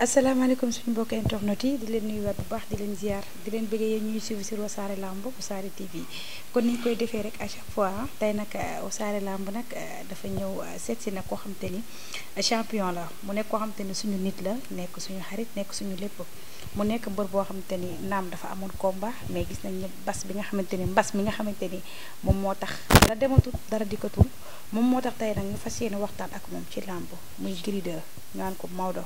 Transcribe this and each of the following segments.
asalaamaaleykum suñu mbokk internet yi di leen nuyuwaat bu baax di leen ziar di leen bëggee yéen ñuy suivre sur Wassare Lamb Wassare TV kon ni ñu koy defee rek à chaque fois tey nag euh, Wassare làmb nag euh, dafa ñëw euh, seet si nag koo xam ni champion la mu nekk koo xam ni suñu nit la nekk suñu xarit nekk suñu lépp mu nekk mbër boo xam ni naam dafa amoon combat mais gis nañ ne bas bi nga xamante ni mbas mi nga xamante ni moom moo tax dara dematul dara dikkatul moom moo tax tey nag nga fas yéene waxtaan ak moom ci làmb muy Gris 2 ñu Maodo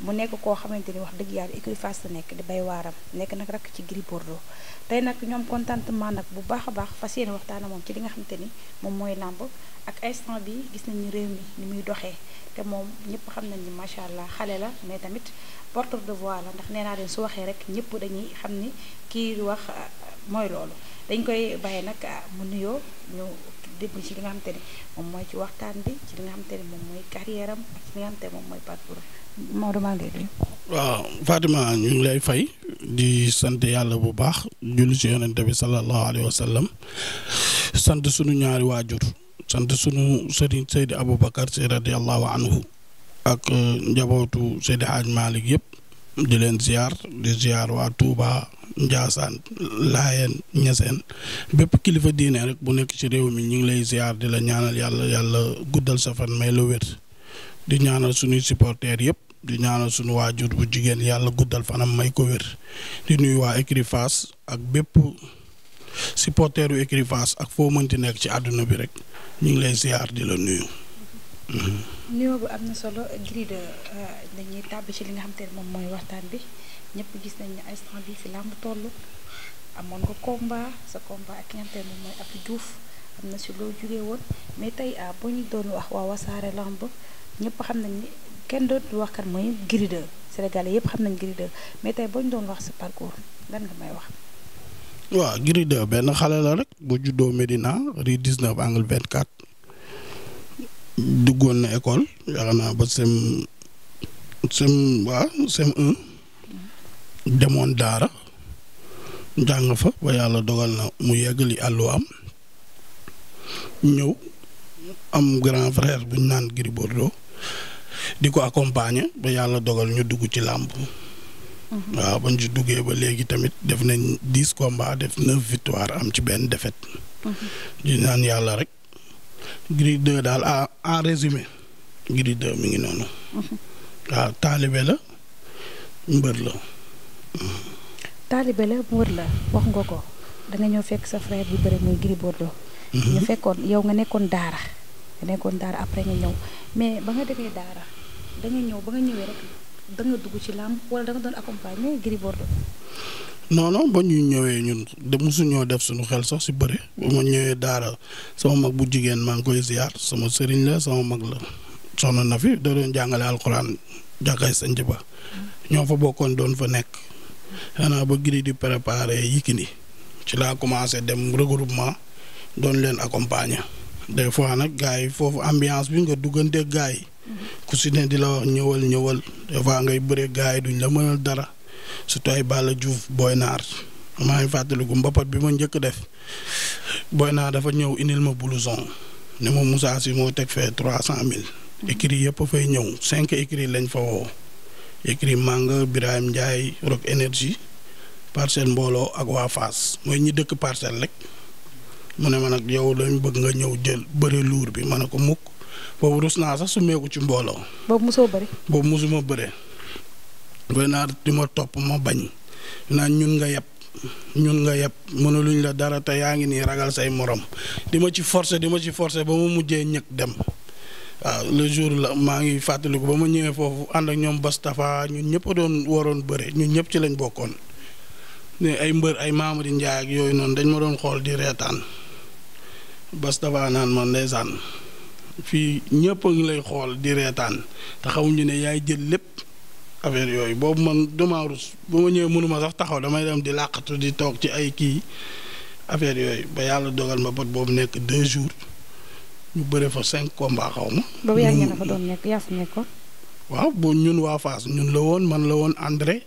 mu nekk nekk koo xamante ni wax dëgg yàlla écurie Fass la nekk di bay waaram nekk nag rakk ci Gris Bordeaux tey nag ñoom contentement nag bu baax a baax fas yéene waxtaan moom ci li nga xamante ni moom mooy làmb ak instant bi gis nañu réew mi ni muy doxee te moom ñëpp xam nañ ni macha allah xale la mais tamit porteur de voix la ndax nee naa leen su waxee rek ñëpp dañuy xam ni kii wax mooy loolu dañ koy bàyyi nag mu nuyoo ñu. dégg ci lay ñu ngi lay fay di sant yàlla bu baax julli ci yonente bi sallallahu alayhi wa sant sunu ñaari waajur sant sunu sëriñ Seydi Aboubacar Sy radiyallahu anhu ak euh, njabootu Seydi Hadj Malick yëpp di leen ziar di ziar waa Touba. Njaasaan Laayeen Ñaseen bépp kilifa diine rek bu nekk ci réew mi ñu ngi lay ziar di la ñaanal yàlla yàlla guddal sa fan may la wér di ñaanal suñuy supporters yëpp di ñaanal suñu waajur bu jigéen yàlla guddal fanam may ko wér di nuyu waa ak bépp supporteru écurie Fass ak foo mënti nekk ci àdduna bi rek ñu ngi lay ziar di la nuyu. nuyoo bu am na solo Gris euh, dañuy tàbb ci li nga xam te moom mooy waxtaan bi. ñépp gis nañ ne instant bi fi làmb toll amoon nga combat sa combat ak ñantee moom mooy Abdou Diouf am na si loo jugee woon mais tey ah boo ñu doon wax waa wasaare làmb ñëpp xam nañ ni kenn dootul wax kan mooy Gris 2 Sénégalais yëpp xam nañ Gris 2 mais ñu doon wax sa parcours lan nga may wax. waaw Gris benn xale la rek bu juddoo Medina rue 19 angle 24 duggoon na école yaakaar naa ba sem sem waaw sem 1. demoon daara jàng fa ba yàlla dogal na mu yeggali àllu am ñëw am grand frère bu naan Gris Bordeaux di ko accompagner ba yàlla dogal ñu dugg ci làmp mhm. waaw bañ ci duggee ba léegi tamit def na dix combats def neuf victoire am ci benn defet mhm. di naan yàlla rek gri 2 daal en ah, en résumé Gris 2 mi ngi noonu mhm. waaw taalibe la mbër la taalibe la mu wër la wax nga ko da nga ñëw fekk sa frère bi bëri muy Gris Bordeaux ñu mhm. fekkoon yow nga nekkoon daara nga nekkoon daara après nga ñëw mais ba nga demee daara da ñëw ba nga ñëwee rek da dugg ci làmb wala da nga doon accompagner Gris Bordeaux non ba ñu ñëwee ñun de mosuñoo def suñu xel sax si bëri ba ma ñëwee daara sama mag bu jigéen maa ngi koy ziar sama sëriñ la sama mag la soxna na fi da doon jàngale alxuraan jàkkaay sëñ mhm. nekk xanaa ba giri di préparer Yékini ci laa commencé dem regroupement doon leen accompagner des fois nag gars yi foofu ambiance bi nga duggante gars yi ku si ne di la wax ñëwal ñëwal des ngay bëre gars yi duñ la mënal dara surtout ay Balla Diouf Boy Naar maa ngi fàttaliku mboppat bi ma njëkk def Boy Naar dafa ñëw indil ma blouson ne ma Moussa si moo teg fee trois cent mille écrit yëpp fay ñëw cinq écrit lañ fa woo écrit Manga Birahim Ndiaye Rock Énergie parcelle mbooloo ak waa Fass mooy ñi dëkk parcelle rek mu ne ma nag yow lañ bëgg nga ñëw jël bëre luur bi ma ne ko mukk boobu rus naa sax su meeku ci mbooloo. boobu mosoo bëri. boobu mosuma bëre. naa di ma topp ma bañ naa ñun nga yeb ñun nga yeb mënuluñ la dara te yaa ngi nii ragal say morom di ma ci forcer di ma ci forcer ba mu mujjee ñëkk dem. waaw le jour la maa ngi fàttaliku ba ma ñëwee foofu ànd ak ñoom bastafaa ñun ñëpp doon waroon bëre ñun ñëpp ci lañ bokkoon ne ay mbër ay Mamadou Ndiaye ak yooyu noonu dañ ma doon xool di reetaan Bastafa naan man ndeysaan fii ñëpp ngi lay xool di reetaan te xamuñu ne yaay jël lépp affaire yooyu boobu man dama rus ba ma ñëwee mënuma sax taxaw damay dem di làqatu di toog ci ay kii affaire yooyu ba yàlla dogal ma bët boobu nekk deux jours. ñu bëre fa cinq combats xaw ma. waaw bu ñun waa Fass ñun la woon man la woon André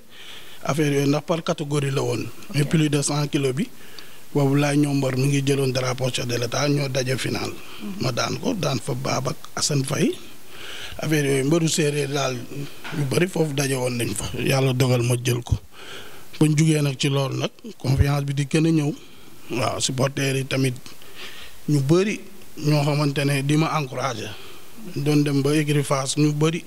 affaire yooyu ndax par catégorie la woon. mais plus de cent kilos bi. boobu laay ñoom mbor mu ngi jëloon dara chef de l'état ñoo daje final. Mhm. ma daan ko daan fa baabak ak Assane Faye affaire yooyu mbaru séeréer daal yu bëri foofu daje woon nañ fa yàlla dogal ma jël ko bañ jugee nag ci loolu nag confiance bi di gën a ñëw waaw supporters yi tamit ñu bëri. ñoo xamante ne di ma encouragé doon dem ba écurie Fass ñu bëri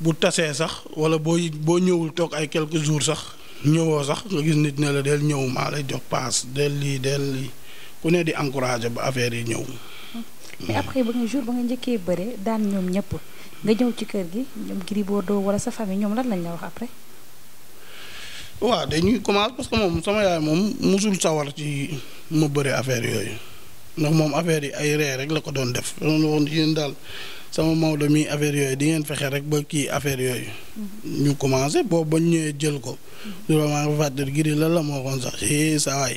bu tasee sax wala booy boo ñëwul toog ay quelques jours sax ñëwoo sax nga gis nit ne la del ñëw maa lay jox paas del yi del lii ku ne di encouragé ba affaire yi ñëw. mais après ba nga jour ba nga njëkkee bëre daan ñoom ñëpp nga ñëw ci kër gi ñoom Gris Bordeaux wala sa famille ñoom lan lañ la wax après. waaw dañuy commencé parce que moom sama yaay moom musul sawar ci ma bëri affaire yooyu. ndox moom affaire yi ay ree rek la ko doon def doon woon yéen daal sama Maodo mii affaire yooyu di ngeen fexe rek ba kii affaire yooyu. Mhm. ñu commencé boobu ba ñëwee jël ko. du mhm. vraiment fàttali giri la la moo kon sax si saa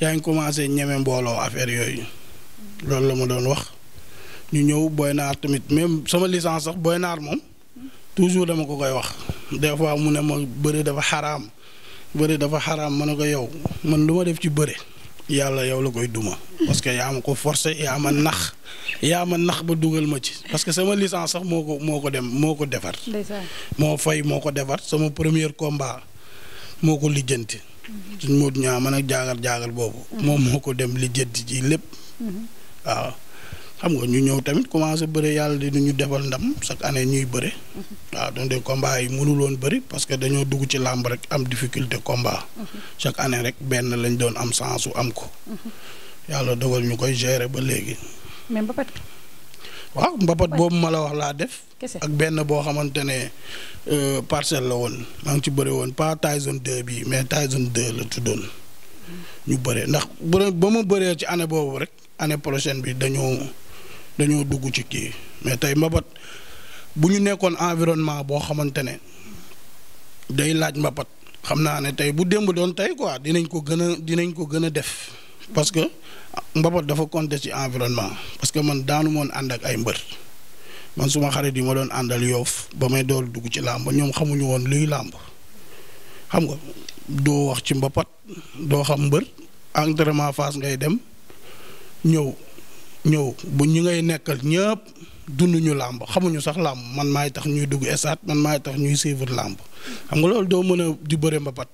yaa ngi commencé ñeme mbooloo affaire yooyu. Mhm. loolu la ma doon wax ñu ñëw Boy Naar tamit même sama licence sax Boy Naar moom toujours dama ko koy wax des fois mu ne ma bëri dafa xaraam bëri dafa xaraam mën ne ko yow man lu ma def ci bëri. yàlla yow la koy duma. parce que yaa ma ko forcé yaa ma nax yaa ma nax ba dugal ma ci parce que sama licence sax moo ko moo ko dem moo ko defar. moo fay moo ko defar sama premier combat moo ko lijjanti. Mhm. suñ Modou ñaa man a jaagar jaagar boobu. Mhm. moom moo ko dem lijjanti ji lépp. Mhm. waaw xam nga ñu ñëw tamit commencé bëre yàlla di ñu defal ndam chaque année ñuy bëre. waaw donc des combats yi mënul woon bëri parce que dañoo dugg ci làmb rek am difficulté combat. chaque année rek benn lañ doon am chance su am ko. yàlla dogal ñu koy gérer ba léegi. mais mbapat. waaw mbapat boobu ma la wax laa def. ak benn boo xamante ne euh, parcelle la woon maa ngi ci bëri woon pas Tyson 2 bii mais Tyson de la tuddoon. ñu bëree ndax bu ba ma bëree ci année boobu rek année prochaine bi dañoo. dañoo dugg ci kii mais tey mbapat bu ñu nekkoon environnement boo xamante ne day laaj mbapat xam naa ne tey bu démb doon tey quoi dinañ ko gën a dinañ ko gën a def parce que mbapat dafa compter ci environnement parce que man daanu moon ànd ak ay mbër man suma xarit yi ma doon àndal yoof ba may dool dugg ci làmb ñoom xamuñu woon luy làmb xam nga doo wax ci mbapat doo xam mbër entraînement face ngay dem ñëw ñëw bu ñu ngay nekkal ñëpp dunduñu làmb xamuñu sax làmb man maay tax ñuy dugg esaat man maay tax ñuy suivre làmb xam nga loolu doo mën a di bëre mbapat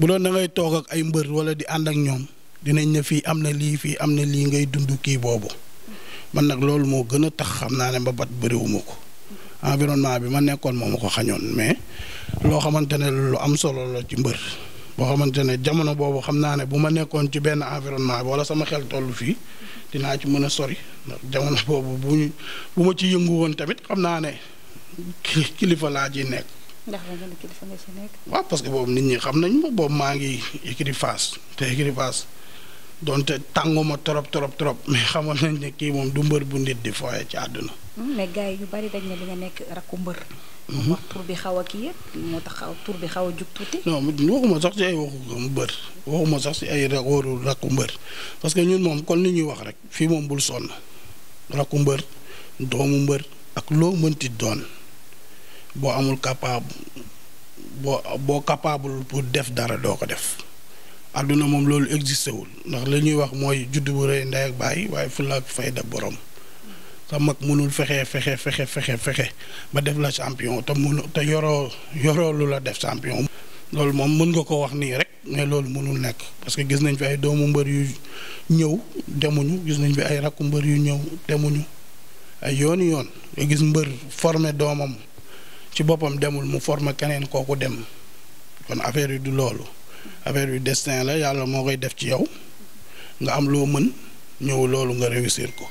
bu doon da ngay toog ak ay mbër wala di ànd ak ñoom dinañ ne fii am na lii fii am na lii ngay dund kii boobu man nag loolu moo gën a tax xam naa ne mbapat bëriwuma ko environnement bi ma nekkoon moom ma ko xañoon mais loo xamante ne lu am solo la ci mbër. boo xamante ne jamono boobu xam naa ne bu ma nekkoon ci benn environnement wala sama xel tollu fii dinaa ci mën a sori ndax jamono boobu bu ñu bu ma ci yëngu woon tamit xam naa ne kilifa laa ji nekk. ndax parce que boobu nit ñi xam nañ ma maa ngi écurie Fass te écurie Fass trop trop trop mais xamoon kii moom du mbër bu nit di fooye ci àdduna. Hmm, mais gars yi bari dañ ne li nekk rakku mbër. Mhm. wax tur bi xaw a kii moo tax tur bi xaw a jug tuuti. non waxuma sax ci ay waxu mbër waxuma sax si ay wóoru rakku mbër parce que ñun moom kon li ñuy wax rek fii moom bul sonn rakku mbër doomu mbër ak loo mënti doon boo amul capable boo pour def dara doo ko def. àdduna moom loolu existé wul ndax li ñuy wax mooy judd bu rëy ndey ak baay waaye fulla ak fayda borom. te mag mënul fexe fexe fexe fexe fexe ba def la champion te mënu te yoroo yoroo lu la def champion. loolu moom mën nga ko wax nii rek mais loolu mënul nekk parce que gis nañ fi ay doomu mbër yu ñëw demuñu gis nañ fi ay rakku mbër yu ñëw demuñu ay yooni yoon nga gis mbër formé doomam ci boppam demul mu formé keneen kooku dem kon affaire yu du loolu affaire yu destin la yàlla moo koy def ci yow nga am loo mën ñëw loolu nga réussir ko.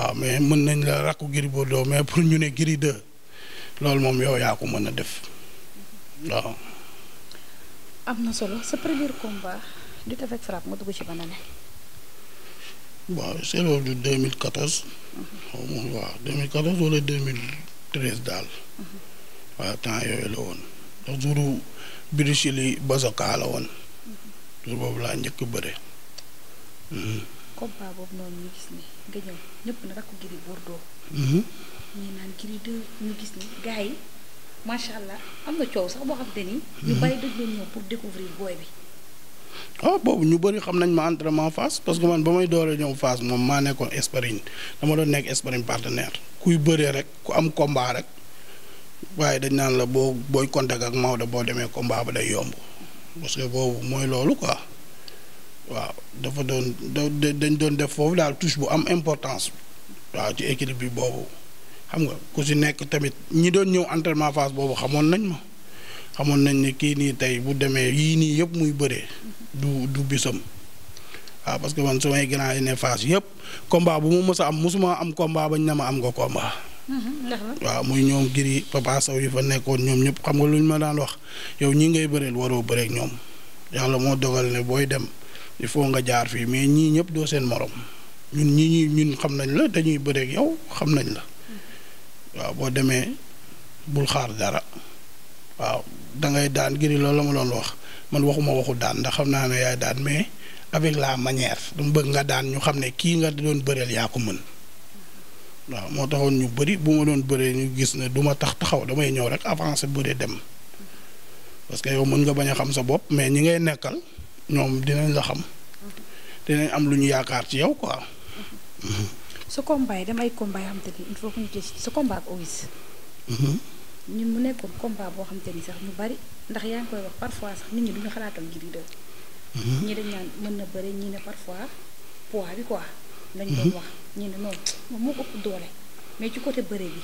waaw ah, mais mën nañ la rakku Gris Bordeaux mais pour ñu ne Gris 2 loolu moom yow yaa ko mën a def waaw. na solo sa premier combat di def ak frappe nga dugg ci ban waaw c'est loolu 2014. xaw ma waaw 2014 daal. waaw temps yooyu la woon ndax juru Brésil yi Bazoka la woon. jur boobu laa njëkk bëre. Hmm. combat boobu noonu ñu gis ni nga ñëw ñëpp na rakku Gris Bordeaux. Mhm. ñu allah am na coow sax boo xam te ñu mhm. bari dëgg la ñëw pour découvrir booy bi. ah boobu ñu bëri xam nañ ma entraînement Fass parce que man ba may dooree ñëw Fass moom maa nekkoon sparring dama doon nekk sparring partenaire kuy bëree rek ku am combat rek waaye dañ naan la boo booy contact ak Maodo boo demee combat ba day yomb parce boobu mooy loolu quoi. waaw dafa doon dañ doon def foofu daal touche bu am importance waaw ci équipe bi boobu xam nga ku si nekk tamit ñi doon ñëw entraînement phase boobu xamoon nañ ma xamoon nañ ne kii nii tey bu demee yii nii yëpp muy bëree du du bisam waaw que man samay grand yi yëpp combat bu ma mës a am mosuma am combat bañ na ma am nga combat. Mm-hmm. waaw muy ñoom giri papa saw yi fa nekkoon ñoom ñëpp xam nga luñ ma daan wax yow ñi ngay bëreel waroo bëreek ñoom yàlla moo dogal ne booy dem. il faut nga jaar fii mais ñii ñëpp doo seen moroom ñun ñii ñun xam nañ la dañuy bëreeg yow xam nañ la waaw boo demee bul xaar dara waaw dangay daan giri loolu la ma doon wax man waxuma waxu daan ndax xam naa ne yaay daan mais avec la manière dama bëgg nga daan ñu xam ne kii nga doon bëreel yaa ko mën waaw moo taxoon ñu bëri bu ma doon bëree ñu gis ne duma tax taxaw damay ñëw rek avancer bëre dem parce que yow mën nga bañ a xam sa bopp mais ñi ngay nekkal. ñoom dinañ la xam. dinañ am lu ñu yaakaar ci yow quoi. sa mhm. combat yi damay combat yoo xam te ni il faut que ñu gis sa combat ak Owiss. Mhm. ñun mu nekkoon combat boo xam te ni sax ñu bari ndax yaa ngi koy wax parfois sax nit ñi duñu xalaatal Gris 2. dañ naan mën na bëre ñii ne parfois pois bi quoi. lañ doon mhm. wax ñii ne noonu moom moo ëpp doole mais ci côté bëre bi.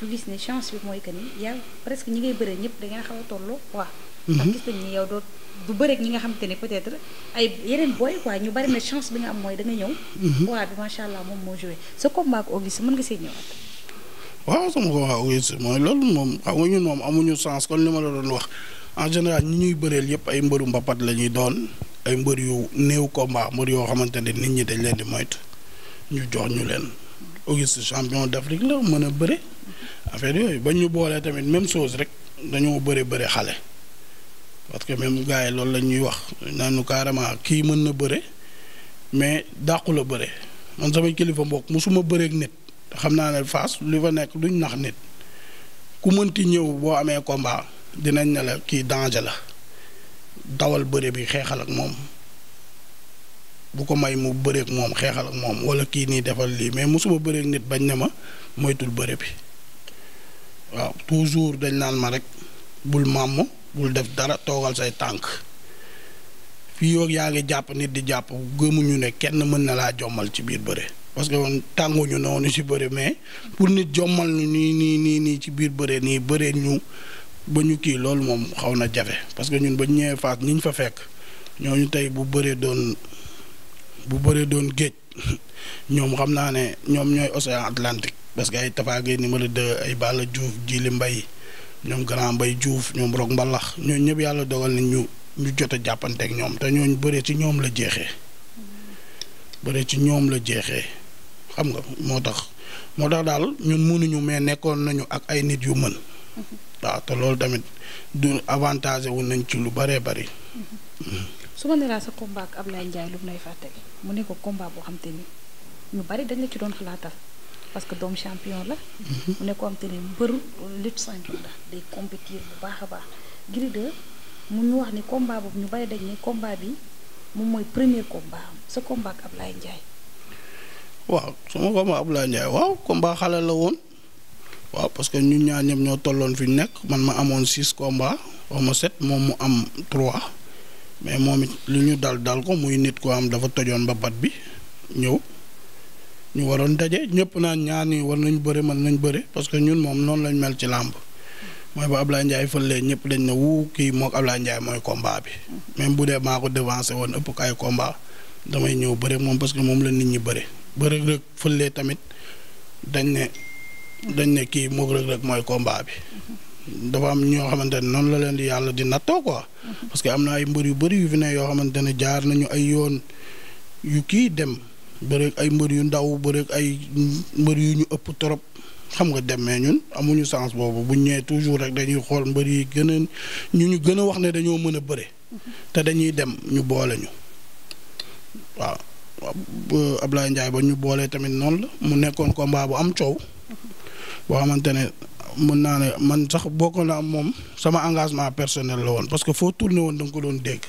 ñu gis ne chance bi mooy que ni yaa presque ñi ngay bëree ñëpp da ngeen xaw a tolloo waaw. ndax mhm. gis nañ ni du bëreeg ñi nga xam te ne peut-être ay yeneen booy quoi ñu bari chance bi nga am mooy da nga ñëw. Mhm. macha allah moom moo joué sa combat ak Auguste mën nga see mooy loolu moom xam nga ñun moom amuñu chance kon li doon wax en général ñi ñuy bëreel yëpp ay mbëru mbapat la ñuy doon ay mbër yu néew combat mbër yoo xamante ne nit ñi dañ leen di moytu ñu jox ñu leen. Auguste champion d'Afrique la mën a bëre mhm. affaire yooyu bañ ñu boolee tamit même chose rek dañoo bëre bëre xale. parce que même gars yi loolu la ñuy wax nañu carrément kii mën na bëre mais dàqu bëre man samay kilifa mbokk mosuma bëreek nit xam naa ne fas li fa nekk duñ nax nit ku mënti ñëw boo amee combat dinañ ne la kii danger la dawal bëre bi xeexal ak moom bu ko may mu bëreeg moom xeexal ak moom wala kii nii defal lii mais mosuma bëreeg nit bañ ne ma moytul bëre bi waaw toujours dañ naan ma rek bul màmm bul def dara toogal say tànk fii yoog yaa ngi jàpp nit di jàpp gëmuñu ne kenn mën na laa jommal ci biir bëre parce que woon tànguñu noonu ci bëre mais pour nit jommal ñu nii nii nii nii ci biir bëre nii bëree ñu ba ñu kii loolu moom xaw na jafe parce que ñun ba ñu ñëwee faas ñu fa fekk ñooñu tey bu bëree doon bu bëree doon géej ñoom xam naa ne ñoom ñooy océan Atlantique parce que ay Tapha Guèye numéro 2 ay Balla Diouf Djily mbay ñoom grand Mbaye Diouf ñoom Rock Mbalax ñooñu ñëpp yàlla dogal nañ ñu ñu jot a jàppanteeg ñoom te ñooñu bëree ci ñoom la jeexee bëree ci ñoom la jeexee xam nga moo tax moo tax daal ñun mënuñu mais nekkoon nañu ak ay nit yu mën. waaw te loolu tamit du avantage wu nañ ci lu bëree bari su ma nee sa combat ak Ablaye Ndiaye lu mu lay fàttali mu ne ko combat boo xam te ni ñu bëri dañ ci doon xalaatal. parce que doom champion la. Mhm. mu nekkoon te ne mbër lutte simple la day compétir bu baax a baax. Gris mu ñu wax ni combat boobu ñu bari dañ ne combat bi moom mooy premier combat am sa combat ak Ablaye Ndiaye. waaw waaw combat xale la woon. waaw parce que ñun ñaar ñëpp ñoo tolloon fii ñu nekk man ma amoon six combats xaw ma sept moom mu am trois mais moom it lu ñu dal dal ko muy nit ko am dafa tojoon ba bi ñëw. ñu waroon daje ñëpp naan ñaar ñi war nañu bëre mën nañ bëre parce que ñun moom noonu lañ mel ci làmb mooy ba Ablaye Ndiaye fële ñëpp dañ ne wuu kii moog Ablaye Ndiaye mooy combat bi même bu dee maa ko devancé woon ëpp kay combat damay ñëw bëre moom parce que moom la nit ñi bëre ba Reug Reug fële tamit dañ dañ ne kii moog Reug mooy combat bi dafa am ñoo xamante ne noonu la leen di yàlla di nattoo quoi. parce que am na ay mbër yu bëri yu fi ne yoo xamante ne jaar nañu ay yoon yu kii dem. bëreeg ay mbër yu ndaw bëreeg ay mbër yu ñu ëpp trop xam nga demee ñun amuñu sens boobu bu ñëwee toujours rek dañuy xool mbër yi gën a ñu ñu gën a wax ne dañoo mën a bëre te dañuy dem ñu boole ñu waaw Ablaye Ndiaye ba ñu boolee tamit noonu la mu nekkoon combat bu am coow boo xamante ne mën naa ne man sax bokkoon na am moom sama engagement personnel la woon parce que foo tourné woon da nga ko doon dégg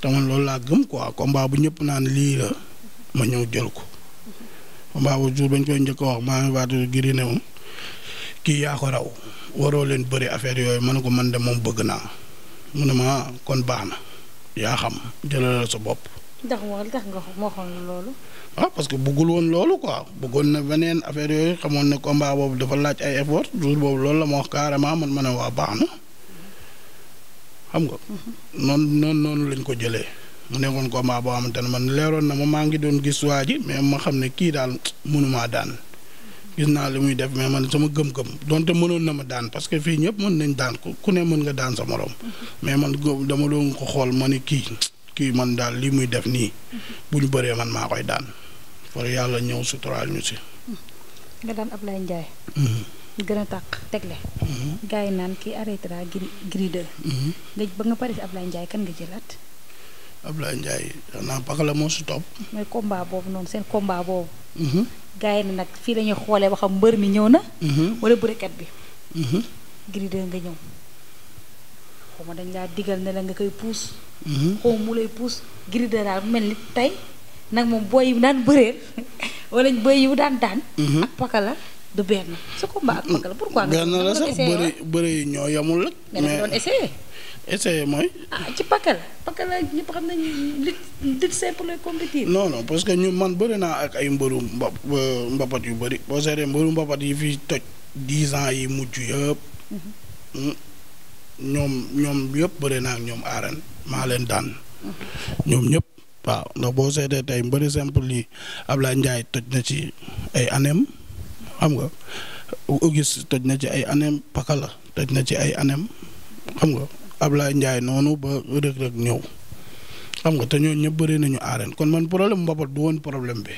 te man loolu laa gëm ko combat bu ñëpp naan lii la ma ñëw jël ko. combat bu jour bañ koy njëkk a wax maa ngi waatu giri ne kii yaa ko raw waroo leen bëri affaire yooyu ma ne ko man de moom bëgg naa mu ne ma ah, kon baax na yaa xam jëlal sa bopp. ndax ah, parce que bëggul woon loolu quoi bëggoon na beneen affaire yooyu xamoon ne combat boobu dafa laaj ay effort jour boobu loolu la ma wax carrément man ma ne waa baax na xam nga. Mhm. noonu noonu noonu lañ ko jëlee. mu nekkoon combat boo xamante ne man leeroon na ma maa ngi doon gis waa ji mais ma xam ne kii daal mënumaa daan gis naa li muy def mais man sama gëm-gëm donte mënoon na ma daan parce que fii ñëpp mën nañ daan ko ku ne mën nga daan sa morom mais man dama doon ko xool ma ne kii kii man daal li muy def nii bu ñu bëree man maa koy daan far yàlla ñëw suturaal ñu si. nga daan Ablaye Ndiaye. Mhm. gën a tàq tegle. Mhm. gars yi naan kii arrêté gri mhm. ba nga pare si Ablaye Ndiaye kan nga jëlaat. Abdoulaye Ndiaye xanaa Pakala moo si topp. mooy combat boobu noonu seen komba boobu. Mhm. gars yi nag fii la ñuy xoolee ba xam mbër mi ñëw na. Mhm. wala bërekat bi. Mhm. Gris 2 nga ñëw. xaw dañ laa digal ne la nga koy puus. xaw mu lay puus Gris 2 mel ni tey nag moom booy yi daan bëreel wala booy yi daan daan. ak Pakala du benn. sa combat ak Pakala pourquoi. benn la sax bëri bëri ñoo yamul rek. mais doon essayé. essayé mooy. Ah, ci Pakal la ñëpp xam nañu lutte simple lay compétir. non parce que ñu man bëri naa ak ay mbëru mba mbapat yu bëri boo seetee mbëru mbapat yi fi toj dix ans yi mujj yëpp. Mm-hmm. Mm. ñoom ñoom yëpp bëri naa ak ñoom aareen maa leen daan. Mm-hmm. ñoom ñëpp waaw ndax boo seetee tey mbëri simple yi Ablaye Ndiaye toj na ci ay anem xam nga Auguste toj na ci ay anem Pakal la toj na ci ay anem xam nga. ab Ablaye Ndiaye noonu ba Reug Reug ñëw xam nga te ñoo ñëpp bëri nañu arène kon man problème mbapat du woon problème bi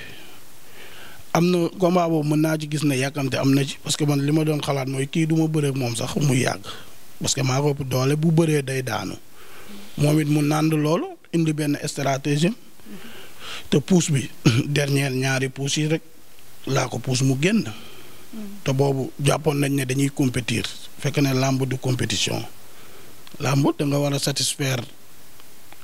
am na combat boobu mën naa ci gis na yàkkamte am na ci parce que man li ma doon xalaat mooy kii du ma bëree moom sax muy yàgg parce que maa ko ëpp doole bu bëree day daanu moom it mu nànd loolu indi benn stratégie te puus bi dernière ñaari puus yi rek laa ko puus mu génn mm. te boobu jàppoon nañ ne dañuy compétir fekk ne làmb du compétition làmb da nga war a satisfaire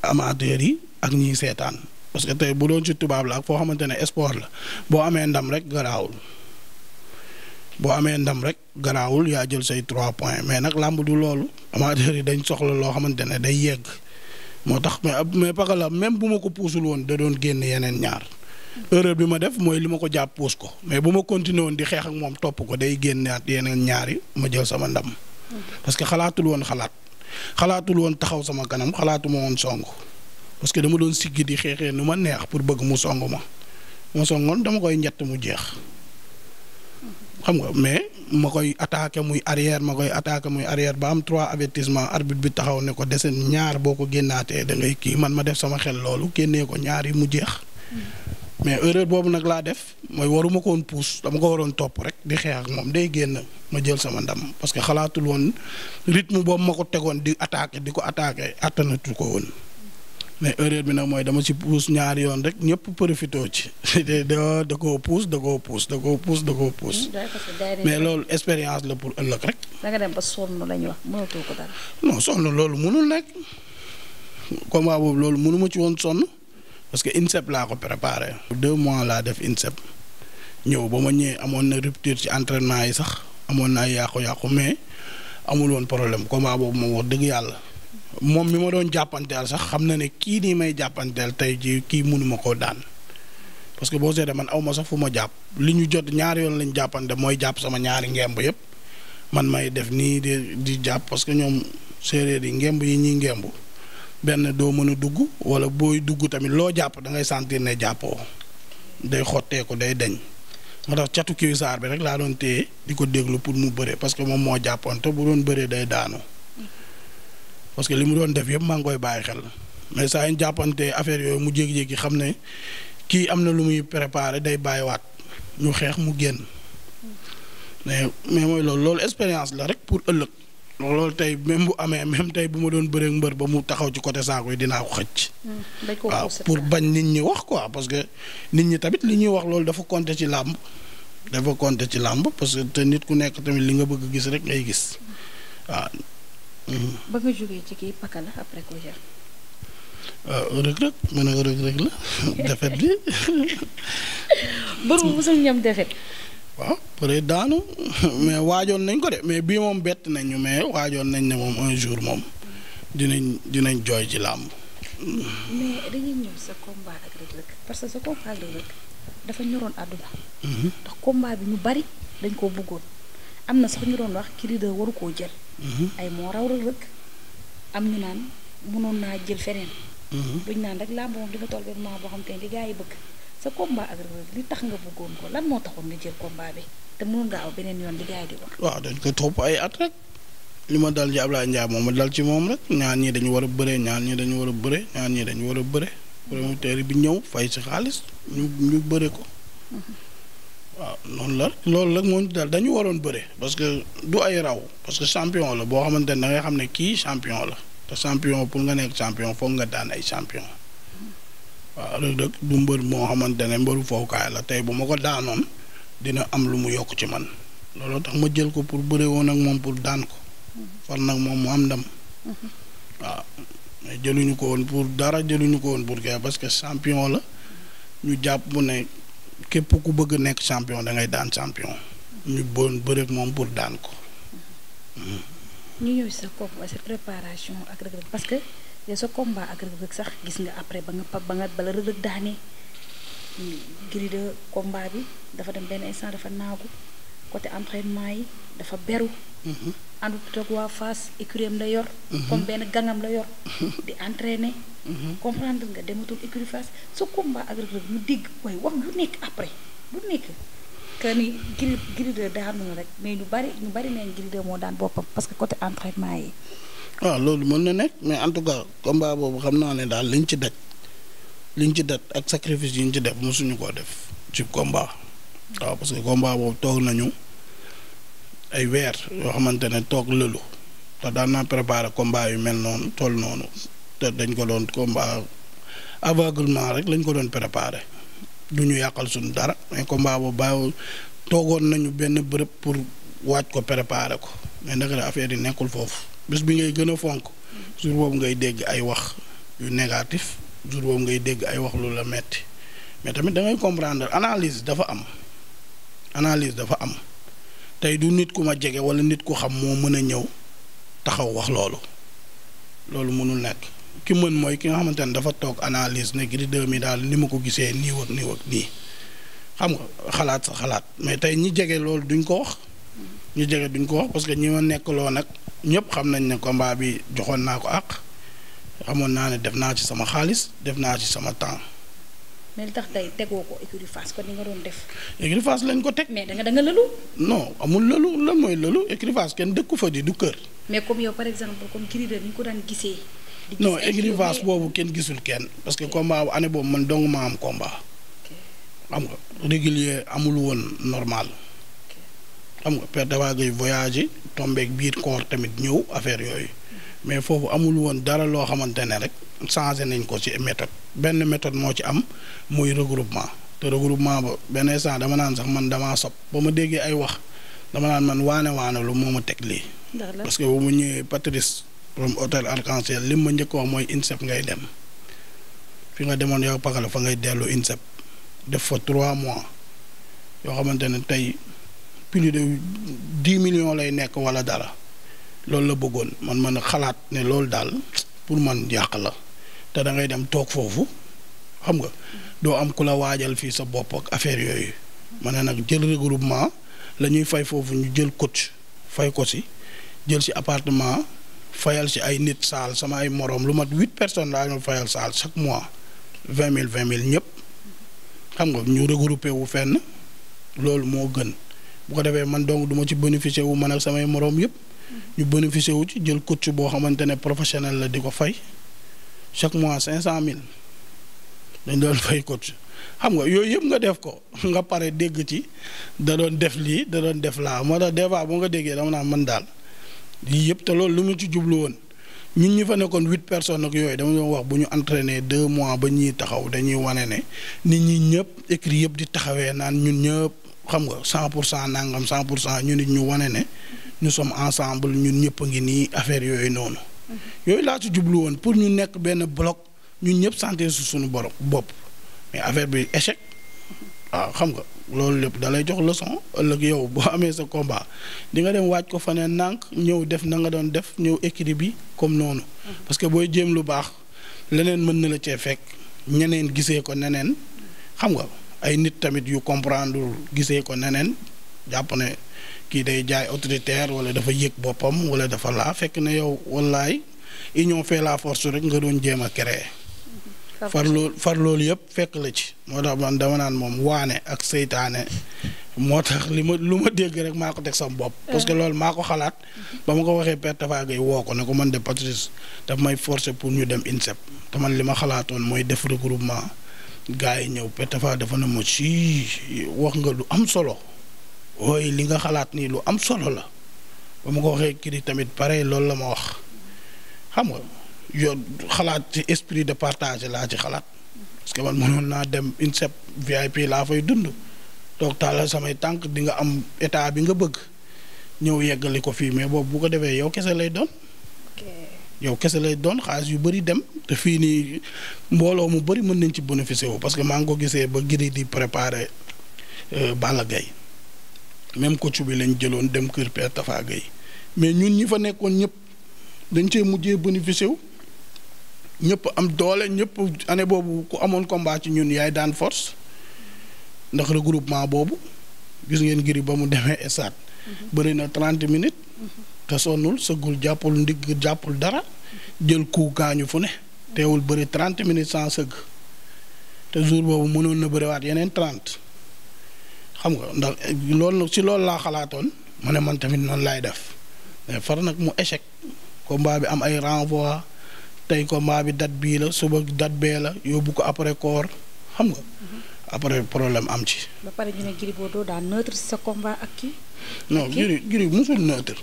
amateurs yi ak ñiy seetaan parce que tey bu doon ci tubaab la ak foo xamante ne sport la boo amee ndam rek garaawul boo amee ndam rek garaawul yaa jël say trois points mais nag làmb du loolu amateurs yi dañ soxla loo xamante ne day yegg moo tax mais mais Pakala même bu ma ko puusul woon da doon génn yeneen ñaar erreur bi ma def mooy li ma ko jàpp puus ko mais bu ma continué woon di xeex ak moom topp ko day génnaat yeneen ñaari ma jël sama ndam mm. parce que xalaatul woon xalaat. xalaatul woon taxaw sama kanam xalaatuma woon song parce que dama doon siggi di xeexee nu ma neex pour bëgg mu song ma ma songoon dama koy njett mu jeex xam nga mais ma koy attaqué muy arrière ma koy attaqué muy arrière ba am trois avertissement arbitre bi taxaw ne ko dese ñaar boo ko génnaatee da kii man ma def sama xel loolu génnee ko ñaar mu jeex. mais erreur boobu nag laa def mooy waruma ko woon puus dama ko waroon topp rek di xeex ak moom day génn ma jël sama ndam parce que xalaatul woon rythme boobu ma ko tegoon di attaqué di ko attaqué attanatu ko woon mais erreur bi nag mooy dama ci puus ñaari yoon rek ñëpp profité ci da da koo puus da koo puus da koo puus da koo puus. Mm, mais loolu expérience la pour ëllëg rek. da sonn la ñu wax mënatoo ko dara. non sonn loolu mënul nekk combat boobu loolu mënuma ci woon sonn. parce que INSEP laa ko préparé. deux mois laa def INSEP ñëw ba ma ñëwee amoon na rupture ci entraînement yi sax amoon naa yàqu-yàqu mais amul woon problème combat boobu ma wax dëgg yàlla moom mi ma doon jàppanteel sax xam na ne kii nii may jàppanteel tey jii kii mënuma koo daan parce que boo seetee man aw ma sax fu ma jàpp li ñu jot ñaari yoon lañ jàppante mooy jàpp sama ñaari ngemb yëpp man may def nii di di jàpp parce que ñoom séeréer yi ngemb yi ñii ngemb. benn doo mën a dugg wala booy dugg tamit loo jàpp da ngay sentir ne jàppoo day xotteeku day deñ moo tax catu kiwi saar bi rek laa doon téye di ko déglu pour mu bëre parce que moom moo jàppoon bu doon bëree day daanu parce que li mu doon def yëpp maa ngi koy bàyyi xel mais saa yu jàppante affaire yooyu mu jékki-jékki xam ne kii am na lu muy préparé day bàyyiwaat ñu xeex mu génn mais mais mooy loolu loolu expérience la rek pour ëllëg. donc loolu tey même bu amee même tey bu ma doon bëreeg mbër ba mu taxaw ci côté saako yi dinaa ko xëcc. Hmm, waaw pour bañ nit ñi wax quoi parce que nit ñi tamit li ñuy wax loolu dafa compter ci làmb. dafa compter ci làmb parce que te nit ku nekk tamit li nga bëgg gis rek ngay gis waaw. Hmm. ba rëg mën a rëg-rëg la defet bi. bëru musul ñam defet. waaw peut daanu mais waajoon nañ ko de mais bii moom bett nañu mais waajoon nañ ne moom un jour moom dinañ dinañ jooy ci làmb. mais dañuy ak parce que sa combat ak Reug dafa ñoroon àdduna. Mhm. ndax combat bi ñu bari dañ koo bëggoon am na sax ñuroon doon wax kii de waru koo jël. Mhm. ay moo raw Reug Reug am ñu naan mënoon naa jël feneen. Mhm. duñ naan rek làmb moom dafa toll benn moment boo xam te ne li gars yi bëgg. sa combat ak Reug li tax nga bëggoon ko lan moo taxoon nga jël combat bi te mënoon nga aw beneen yoon li gars yi di wax. waaw dañ ko topp ay at rek li ma dal ci Ablaye Ndiaye moom ma dal ci moom rek ñaan ñii dañu war a bëre ñaar dañu war a bëre ñaar ñii dañu war a bëre. promoteur bi ñëw fay si xaalis ñu ñu bëre noonu la loolu rek moo ñu dañu waroon bëre parce que du ay raw parce que champion la boo xamante ne da ngay xam ne kii champion la te champion pour nga nekk champion foog nga daan ay champion. waaw Reug Reug du mbër moo xamante ne mbëru fowukaay la tay bu ma ko daanoon dina am lu mu yokk ci man looloo tax ma jël ko pour bëre woon ak moom pour daan ko far nag moom mu am ndam waaw mais ko woon pour dara jëluñu ko woon pour kii parce que champion la ñu jàpp ne képp ku bëgg nekk champion da ngay daan champion ñu bon ak moom pour daan ko. yow sa combat ak sax gis nga après ba nga ba nga bala Reug Reug daanee Gris de bi dafa dem benn instant dafa naagu côté entraînement yi dafa beru mhm. àndu toog waa fas écurie am la yor mhm. comme benn gangam la yor mhm. di entraîner comprendre nga dematul écurie Fass sa combat ak Reug Reug mu dégg waaye wax lu nekk après lu nekk que ni Gris Gris de daanu na rek mais ñu bari ñu bari neen Gris moo daan boppam parce que côté entraînement yi waaw ah, loolu mën na nekk mais en tout cas combat boobu xam naa ne daal liñ ci daj liñ ci daj ak sacrifice yi ñu ci def mosuñu koo def ci combat waaw parce que combat boobu toog nañu ay weer yoo xamante ne toog lëlu te daan naa préparer combat yu mel noonu toll noonu te dañ ko doon combat aveuglement rek lañ ko doon préparer du ñu yàqal suñu dara mais combat boobu bàyyi toogoon nañu benn bërëb pour waaj ko préparer ko mais nag affaire yi nekkul foofu. bés bi ngay gën a fonk jour boobu ngay dégg ay wax yu négatif jour boobu ngay dégg ay wax lu la metti mais tamit da ngay comprendre analyse dafa am analyse dafa am tey du nit ku ma jege wala nit ku xam moo mën a ñëw taxaw wax loolu loolu mënul nekk ki mën mooy ki nga xamante ne dafa toog analyse ne Gris mi daal ni ma ko gisee nii wak nii wak nii xam nga xalaat sa xalaat mais tey ñi jege loolu duñ ko wax ñu jege duñ ko wax parce que ñi ma nekkaloo nag ñëpp xam nañ ne combat bi joxoon naa ko àq xamoon naa ne def naa ci sama xaalis def naa ci sama temps. mais li tax tey tegoo ko lañ ko teg. mais da nga da nga amul lëlu lan mooy lëlu écurie Fass kenn dëkku fa di du kër. mais comme yow par exemple comme Gris ñu ko daan gisee. di gis boobu kenn gisul kenn parce que combat bu année boobu man dong maa am combat. am nga régulier amul woon normal. xam nga père dafa gay tombeek biir koor tamit ñëw affaire yooyu mais foofu amul woon dara loo xamante ne rek changé nañ ko ci méthode benn méthode moo ci am muy regroupement te regroupement ba benn instant dama naan sax man damaa sob ba ma déggee ay wax dama naan man waane waane lu moo ma teg lii parce que bu mu ñëwee Patrice from hôtel arc en li ma njëkk wax mooy INSEP ngay dem fi nga demoon yow pakala fa ngay dellu INSEP def fa trois mois yoo plus de dix million lay nekk wala dara loolu la bëggoon man mën a xalaat ne loolu daal pour man yàq la te da ngay dem toog foofu xam nga doo am ku la waajal fii sa bopp ak affaire yooyu ma ne nag jël regroupement la ñuy fay foofu ñu jël coach fay ko si jël si appartement fayal si ay nit saal sama ay moroom lu mat huit personnes laa ñu fayal saal chaque mois vingt mille vingt mille ñëpp xam nga ñu regroupé wu fenn loolu moo gën. bu ko defee man donc duma ci bénéficier wu man ak samay moroom yëpp ñu bénéficier wu ci jël coach boo xamante ne professionnel la di ko fay chaque mois cinq cent mille dañ doon fay coach xam nga yooyu yëpp nga def ko nga pare dégg ci da doon def lii da doon def laa moo tax des fois boo nga déggee dama naa man daal lii yëpp te loolu lu mu ci jublu woon ñun ñu fa nekkoon huit personne ak yooyu dama doon wax bu ñu entraîné deux mois ba ñuy taxaw dañuy wane ne nit ñi ñëpp écrit yëpp di taxawee naan ñun ñëpp xam nga cent pour cent nangam cent pour cent ñu nit ñu wane ne nous sommes ensemble ñun ñëpp a ngi nii affaire yooyu noonu. Mm-hmm. yooyu laa ci jublu woon pour ñu nekk benn bloc ñun ñëpp santé su suñu borom bopp mais affaire bi échec waaw mm-hmm. ah, xam nga loolu lépp da lay jox leçon ëllëg yow boo amee sa combat di nga dem waaj ko fa ne nànk ñëw def na nga doon def ñëw écrit bi comme noonu. Mm-hmm. parce que booy jéem lu baax leneen mën na la cee fekk ñeneen gisee ko neneen xam nga. ay nit tamit yu comprendre gisee ko neneen jàpp ne kii day jaay autoritaire wala dafa yëg boppam wala dafa laa fekk na yow wallaay union fait la force rek nga doon jéem a créer far loolu far loolu yëpp fekk la ci moo tax man dama naan moom waane ak seytaane moo tax li ma lu ma dégg rek maa ko teg sama bopp. parce que ah. loolu maa ko xalaat. ba ma ko waxee perte dafaa ngay woo ko ne ko man de Patrice daf may forcer pour ñu dem INSEP te man li ma xalaatoon mooy def regroupement. gars yi ñëw Petafa dafa na ma si wax nga lu am solo ooy li nga xalaat nii lu am solo la ba ma ko waxee kiir di tamit pare loolu la ma wax xam nga yow xalaat ci esprit de partage laa ci xalaat parce que man mënoon naa dem INSEP VIP laa fay dund toog taalal samay tànk di nga am état bi nga bëgg ñëw yeggale ko fii mais boobu bu ko defee yow kese lay doon. yow kese lay doon xaalis yu bëri dem te fii nii mbooloo mu bëri mën nañ ci bénéficier wu parce que maa ngi ko gisee ba giri di préparer euh, Balla Gaye même coach bi lañ jëloon dem kër Père Tafa Gaye mais ñun ñi fa nekkoon ñëpp dañ cee mujjee bénéficier wu ñëpp am doole ñëpp année boobu ku amoon ko combat ci ñun yaay daan force ndax regroupement boobu gis ngeen giri ba mu demee stade mhm. bëri na minutes. Mhm. te sonnul sëggul jàppul ndigg jàppul dara jël ku gaañu fu ne teewul bëri 30 minutes sans sëgg te jour boobu mënoon na bëriwaat yeneen 30 xam nga ndax loolu si lool laa xalaatoon mu ne man tamit noonu laay def mais far nag mu échec combat bi am ay renvoi tey combat bi date bii la suba date bee la yóbbu ko après koor xam nga. après problème am ci. ba pare ñu musul neutre.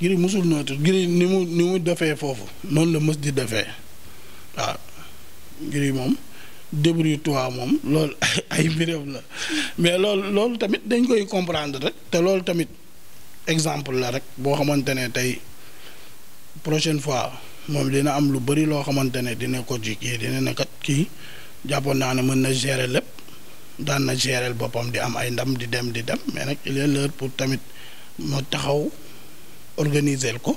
Gris musul nootu Gris ni mu ni mu defee foofu noonu la mos di defee waaw Gris moom débrouille-toi moom loolu ay mbiram la mais loolu loolu tamit dañ koy comprendre rek te loolu tamit exemple la rek boo xamante ne tey prochaine fois moom dina am lu bëri loo xamante ne dina ko ji kii dina ne kii jàppoon naa ne mën na gérer lépp daan na gérer boppam di am ay ndam di dem di dem mais nag il est pour tamit ma taxaw. organiser ko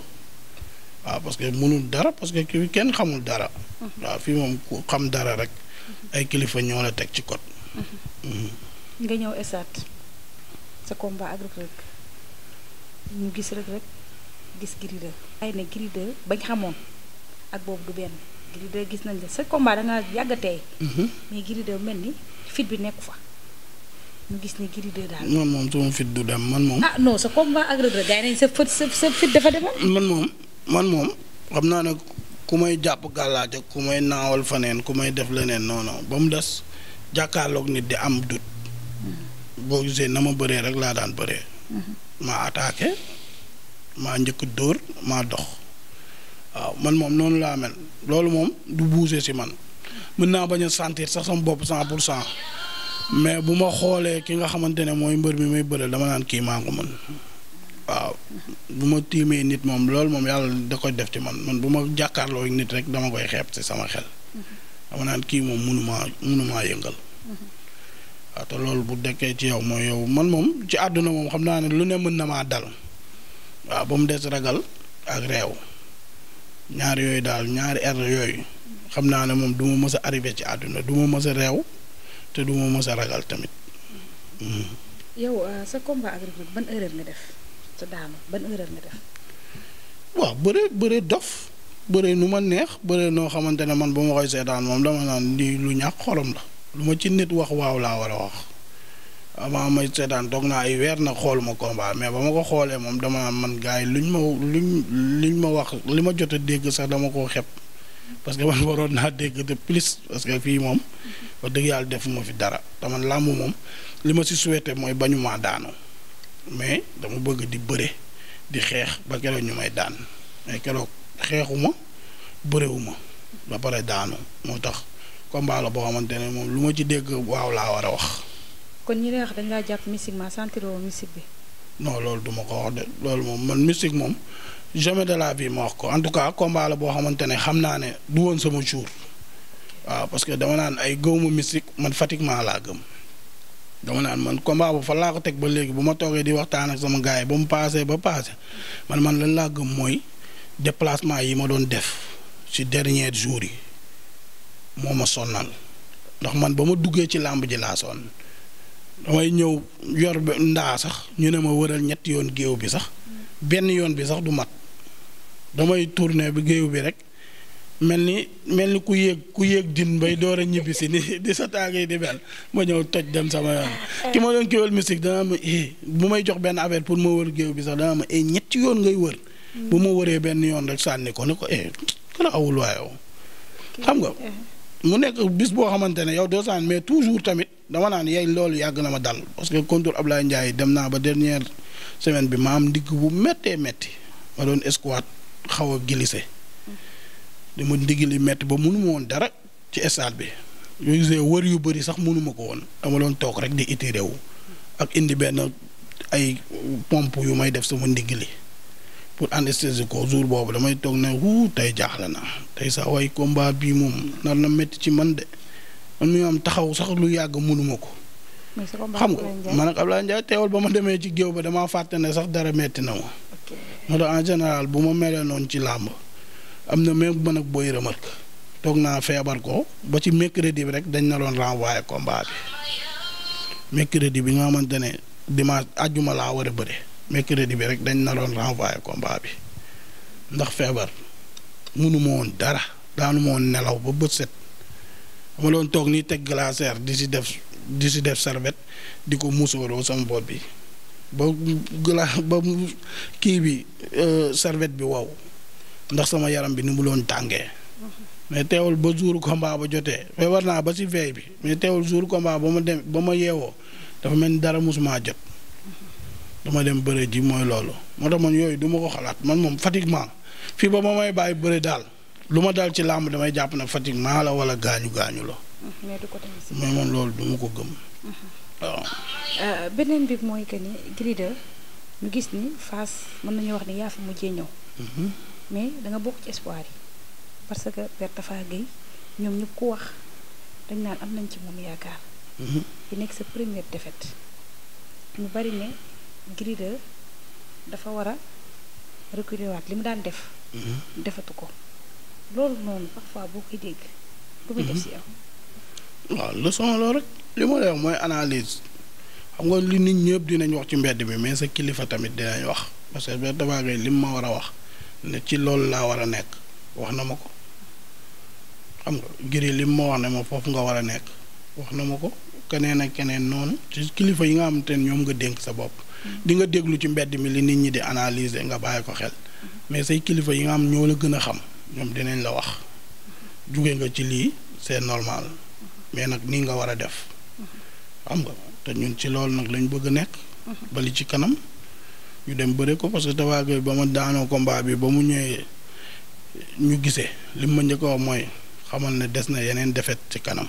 waaw parce que mënul dara parce que kenn xamul dara. Mhm. waaw fii moom ku xam dara rek. Mhm. ay kilifa ñoo la teg ci code. Mhm. nga ñëw esaat sa combat ak Reug Reug ñu gis Reug Reug gis Gris 2. ay na Gris bañ xamoon ak boobu du benn Gris gis nañ la sa combat da yàggatee. mais Gris mel ni fit bi nekku fa. gis ne Gris 2 man moom sama fit du dem man moom. ah non man moom man moom xam naa ne ku may jàpp gàllaate ku may naawal faneen ku may def leneen non non ba mu des jàkkaarloog nit di am dut mm-hmm. boo gisee na ma bëree rek laa daan bëree. Mm-hmm. maa attaqué maa njëkk dóor maa dox waaw man moom noonu laa mel loolu moom du buuse si man mën naa bañ a sentir sax sama bopp cent pour cent mais bu ma xoolee ki nga xamante ne mooy mbër mi may bëral dama naan kii maa ko mën waaw bu ma tiimee nit moom loolu moom yàlla da koy def ci man man bu ma jàkkaarloo nit rek dama koy xeeb ci sama xel. dama naan kii moom mënumaa mënumaa yëngal. waaw te loolu bu dekkee ci yow mooy yow man moom ci àdduna moom xam naa ne lu ne mën na maa dal waaw ba mu des ragal ak réew ñaari yooyu daal ñaari er yooyu xam naa ne moom duma ma mës a arrivé ci àdduna du ma mës a réew. te du ma mës a ragal tamit. Mm-hmm. yow uh, sa combat ak waaw bëre bëre dof bëre nu ma neex bëre noo xamante ne man ba ma koy seetaan moom dama naan lu ñàkk xolam la lu ma ci nit wax waaw laa war a wax avant may seetaan toog naa ay weer nag xooluma combat mais ba ma ko xoolee moom dama naan man gars yi luñ ma luñ liñ ma wax li ma jot a dégg sax dama koo xeeb. parce que man waroon naa dégg de plus parce fii moom wax dëgg yàlla defuma fi dara te man làmb moom li ma si souhaité mooy bañu maa daanu mais dama bëgg di bëre di xeex ba keroog ñu may daan mais keroog xeexuma bërewuma ba pare daanu moo tax combat la boo xamante ne moom lu ma ci dégg waaw laa war a wax. kon ñi lay wax dañ jàpp mystique ma sentiroo mystique bi. non loolu duma ko wax de loolu moom man mystique moom jamais de la vie ma wax ko en tout cas combat la boo xamante ne xam naa ne du woon sama jour waaw parce que dama naan ay gëwma mystique man fatiguement laa gëm dama naan man combat bu fa laa ko teg ba léegi bu ma toogee di waxtaan ak sama gars yi ba mu paasee ba paase man man lan laa gëm mooy déplacement yi ma doon def ci dernier jour yi moo ma sonnal ndax man ba ma duggee ci làmb ji laa sonn damay ñëw yor ndaa sax ñu ne ma wëral ñetti yoon géew bi sax benn yoon bi sax du mat. damay tourner bi géew bi rek mel ni mel ni ku yéeg ku yéeg din bay door a ñibbi si ni di sa taag yi di mel ma ñëw toj dem sama yoon ki ma doon kiwal musique danaa ma eh, bu may jox benn affaire pour ma wër bi sax danaa ma eh ñetti ngay wër bu ma wëree benn yoon rek sànni ko ne ko eh kër xam nga mu nekk bis boo xamante ne yow doo sànni mais toujours tamit dama naan yey loolu yàgg na ma dal parce que contour Ablaye Ndiaye dem naa ba dernière semaine bi ma am ndigg bu méttee métti ma doon escouade xaw a glissé dama ndigg li metti ba mënuma woon dara ci stade bi yooyu gisee wër yu bari sax mënuma ko woon dama doon toog rek di itiré réew ak indi benn ay pompe yu may def sama ndigg li pour anesthésier ko jour boobu damay toog ne wuu tey jaaxle naa tey sax way combat bii moom nar na metti ci man de man mi am taxaw sax lu yàgg mënuma ko xam nga man ak Ablaye Ndiaye teewal ba ma demee ci géew ba damaa fàtte ne sax dara metti na ma. moo tax en général bu ma melee noonu ci làmb am na même man ak booy remarque toog naa feebar ko ba ci mercredi bi rek dañ na loon renvoyé combat bi bi nga xamante ne dimanche àjjuma laa war a bëre bi rek dañ na loon renvoyé combat ndax feebar munu woon dara daanu ma woon nelaw ba bët set ma doon toog nii teg glacière di si def. di si def sarbet di ko musooroo sama boot bi ba gëla ba kii bi euh, sarbet bi wow ndax sama yaram bi ni mu loon tàngee mais teewul ba jour combat ba jotee feebar naa ba si veille bi mais teewul jour combat ba ma dem ba ma yeewoo dafa mel ni dara musuma jot dama dem bëre ji mooy loolu moo tax man yooyu du ma ko xalaat man moom fatiguement fii ba ma may bàyyi bëre daal lu ma dal ci làmb damay jàpp na fatiguement la wala gaañu gaañu la mais du ko tamit. mais man loolu du ma ko gëm. Euh, beneen bi mooy que ni Gris ñu gis ni Fass mën nañu wax ni yaa fi mujjee ñëw. Mhm. mais da nga bokk ci espoir yi parce que Père Tafa Gueye ñoom ñu ko wax dañ naan am nañ ci moom yaakaar. Mhm. di nekk sa première défaite. ñu bari ne Gris dafa war a reculer waat li mu daan def. Mhm. defatu ko loolu noonu parfois boo koy dégg. lu def si yow. waaw leçon loolu rek li ma lay wax mooy analise xam nga li nit ñëpp dinañ wax ci mbedd mi mais sa kilifa tamit dinañ wax parce que damaa ngay lim ma war a wax ne ci loolu laa war a nekk wax na ma ko xam nga giri li ma wax ne ma foofu nga war a nekk wax na ma ko keneen ak keneen noonu ci kilifa yi nga xamante ne ñoom nga dénk sa bopp. Mm-hmm. di nga déglu ci mbedd mi li nit ñi di analyser nga bàyyi ko xel mm-hmm. mais say kilifa yi nga xam ñoo la gën a xam ñoom dinañ la wax mm-hmm. jóge nga ci lii c'est normal. mais nag nii nga war a def xam nga te ñun ci loolu nag lañ bëgg a nekk bali ci kanam ñu dem bëre ko parce que Tapha Gueye ba ma daanoo ko combat bi ba mu ñëwee ñu gisee li ma njëkk wax mooy xamal ne des na yeneen défaite ci kanam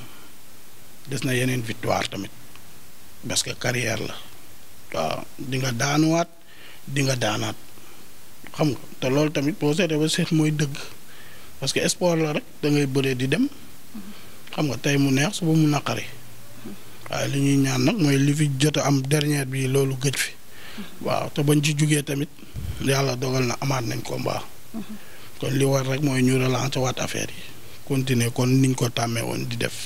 des na yeneen victoire tamit parce que carrière la waaw di nga daanuwaat di nga daanaat xam nga te loolu tamit boo seetee ba seet mooy dëgg parce que sport la rek da ngay bëree di dem xam nga tey mu neex su suba mu naqari waaye li ñuy ñaan nag mooy li fi jot a am dernière bi loolu gëj fi waaw te bañ ci jugee tamit yàlla dogal na amaat nañ ko mbaa mhm. kon li war rek mooy ñu relancer waat affaire yi continuer kon niñ ko tàmmee woon di def.